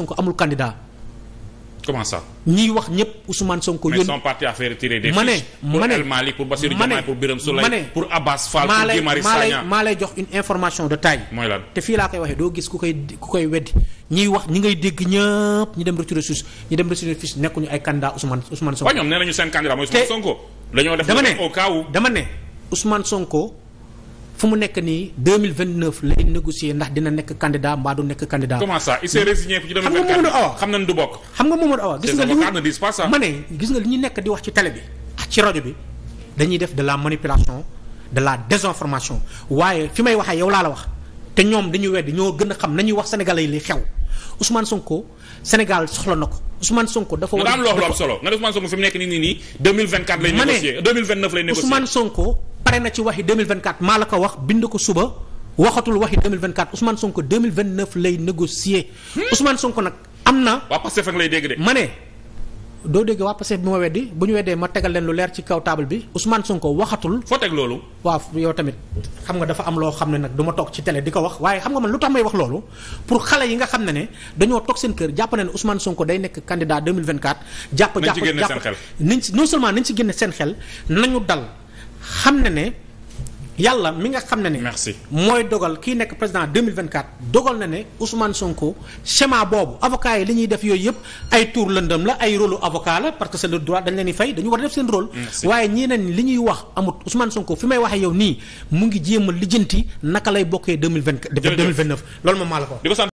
Sonko amul candidat. comment ça. ñiy wax ñëpp Ousmane Sonko. yónni mais son parti a fait retirer des fiches. ma maa lay jox une information de taille. te fii laa koy waxee doo gis ku koy weddi ñiy wax ñi ngay dégg ñëpp ñu dem retirer fiche dem retirer fiche nekkuñu ay candidat Ousmane Ousmane Sonko. waaw ñoom nee def au cas dama ne Ousmane Sonko. fu mu nekk nii 2029 lay négocier ndax dina nekk candidat mbaa du nekk candidat. comment ça il s'est résigné ci 2024 xam nañ du bokk. xam nga Mamadou Awa gis nga li ma ne gis nga li ñu nekk di wax ci télé bi ak ci rajo bi dañuy def de manipulation de désinformation waaye fi may waxee yow laa la wax te ñoom dañuy weddi ñoo gën a xam nañuy wax sénégalais yi li xew Ousmane Sonko Sénégal soxla na ko Ousmane Sonko dafa war a. dafa am solo nga ne pare na ci waxi 2024 maa la ko wax bind ko suba waxatul waxi 2024 Ousmane Sonko 2029 lay négocier hmm? na. waa Pastef ma ne doo dégg waa bu ñu weddee ma tegal leen lu leer ci kaw table bi Ousmane Sonko waxatul. foo teg loolu. waaw yow tamit xam nga dafa am loo xam ne nag du ma toog ci télé wax waaye xam nga man lu tax may wax loolu pour xale yi nga xam ne ne dañoo toog seen kër jàpp na ne Ousmane Sonko day nekk candidat 2024. jàpp jàpp jàpp nañ ci génne seen xel. nañ ci non génne seen xel nañu dal. xam na ne yàlla mi nga xam na ne. merci mooy dogal kii nekk président 2024 dogal na ne Ousmane Sonko schéma boobu avocat yi li ñuy def yooyu yëpp ay tour lëndëm la ay rôle avocat la parce que c'est le droit dañ leen di fay dañu war a def seen rôle. waaye ñii nañ li ñuy wax amut Ousmane Sonko fi may waxee yow nii mu ngi jéem a lijjanti naka lay bokkee deux mille loolu moom maa ko.